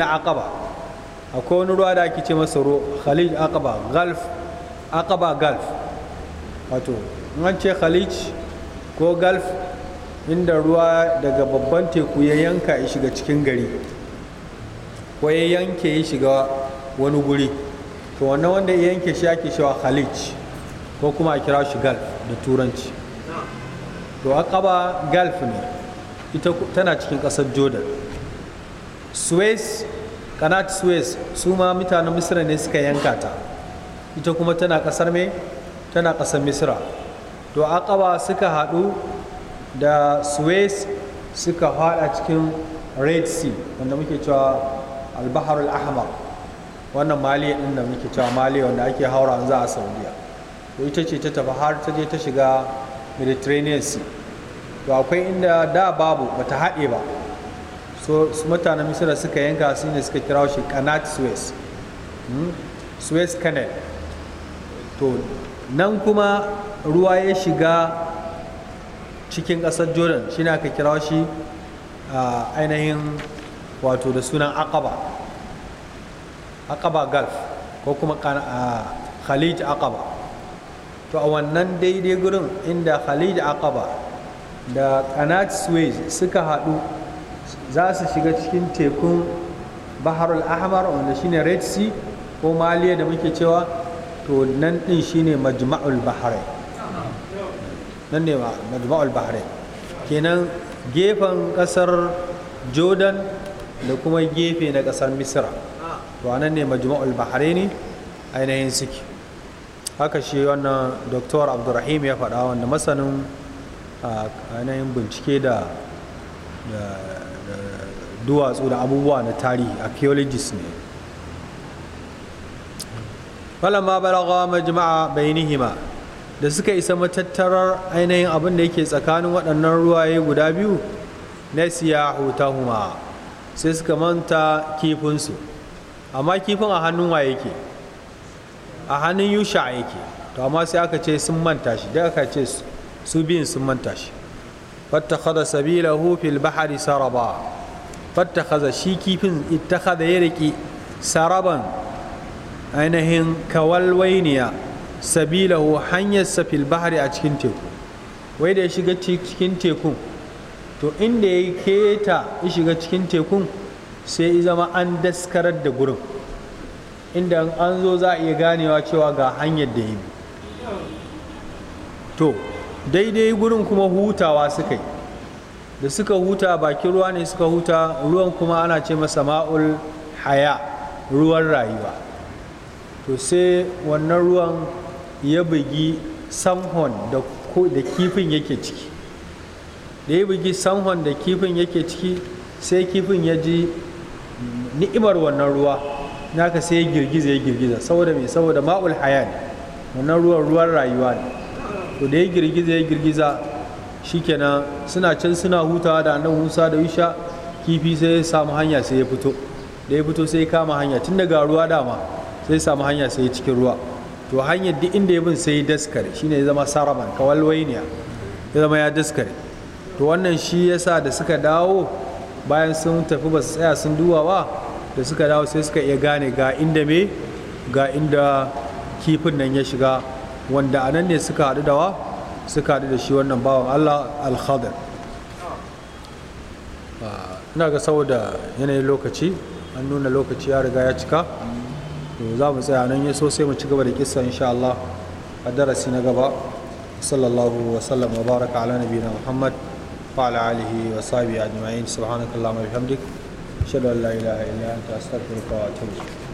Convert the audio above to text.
na akaba akwai wani ruwa da ake ce masa khalij akaba galf akaba gulf wato an ce khalij ko galf inda ruwa daga babban teku ya yanka ya shiga cikin gari ko ya yanke ya shiga wani guri to wannan wanda ya yanke shi ake cewa khalij ko kuma a kira shi galf da turanci to akaba galf ne tana cikin ƙasar jordan suez kanat suez su ma mutanen misra ne suka yanka ta ita kuma tana kasar mai tana kasar misra to akaba suka haɗu da suez suka haɗa cikin red sea wanda muke cewa albahar al-ahmar wannan maliya din da muke cewa maliya wanda ake haura an za a saudiya to ita ce ta tafi har ta je ta shiga mediterranean sea to akwai inda da babu bata haɗe ba so mutanen misira suka yanka su ne suka kira shi kanat suez hmm? suez canal to nan kuma ruwa ya shiga cikin ƙasar jordan shi ne aka kira shi ainihin wato da sunan akaba akaba gulf ko kuma khalid akaba to a wannan daidai gurin inda khalid akaba da kanat suez suka haɗu za su shiga cikin tekun baharul ahmar wanda shine red sea ko maliya da muke cewa to nan din shine majma'ul bahrain nan ne majma'ul bahrain kenan gefen kasar jordan da kuma gefe na kasar misra to nan ne majma'ul bahraini ainihin suke haka shi wannan doktor abdurrahim ya faɗa wanda masanin ah, ainihin bincike da duwatsu da abubuwa na tarihi archaeologist ne falamma balagha majma'a bainihima da suka isa matattarar ainihin abin da yake tsakanin waɗannan ruwaye guda biyu na siya hutahuma sai suka manta kifinsu amma kifin a hannun wa yake a hannun yusha yake to amma sai aka ce sun manta shi da aka ce su biyun sun manta shi fattakhadha sabilahu fil bahri saraba fattakhadha shi kifin ittakhadha ya riki saraban ainihin kawalwainiya sabilahu hanyarsa fil bahri a cikin teku wai da ya shiga cikin tekun to inda ya keta ya shiga cikin tekun sai ya zama an daskarar da gurin inda an zo za a iya ganewa cewa ga hanyar da ya bi to daidai gurin kuma hutawa suka yi da suka huta bakin ruwa ne suka huta ruwan kuma ana ce masa ma'ul haya ruwan rayuwa to sai wannan ruwan ya bugi samhon da kifin yake ciki da ya bugi samhon da kifin yake ciki sai kifin ya ji ni'imar wannan ruwa naka sai ya girgiza ya girgiza saboda mai saboda ma'ul haya ne wannan ruwan ruwan rayuwa ne to da ya girgiza ya girgiza shikenan suna can suna hutawa da annabi Musa da Isha kifi sai ya samu hanya sai ya fito da ya fito sai ya kama hanya tun daga ruwa dama sai ya samu hanya sai ya cikin ruwa to hanyar duk inda ya bin sai ya daskare shine ya zama saraman kawalwainiya ya zama ya daskare to wannan shi yasa da suka dawo bayan sun tafi ba su tsaya sun duba ba da suka dawo sai suka iya gane ga inda me ga inda kifin nan ya shiga wanda a nan ne suka haɗu da wa suka haɗu da shi wannan bawan Allah alhadar ah, ina ga saboda yanayin lokaci an nuna lokaci ya riga ya cika to za mu tsaya nan ya so sai mu ci gaba da kissa insha Allah a darasi na gaba sallallahu wa sallam wa baraka ala na Muhammad wa ala alihi wa sahbihi ajma'in subhanakallahumma wa bihamdik ashhadu an la ilaha illa anta astaghfiruka wa atubu ilaik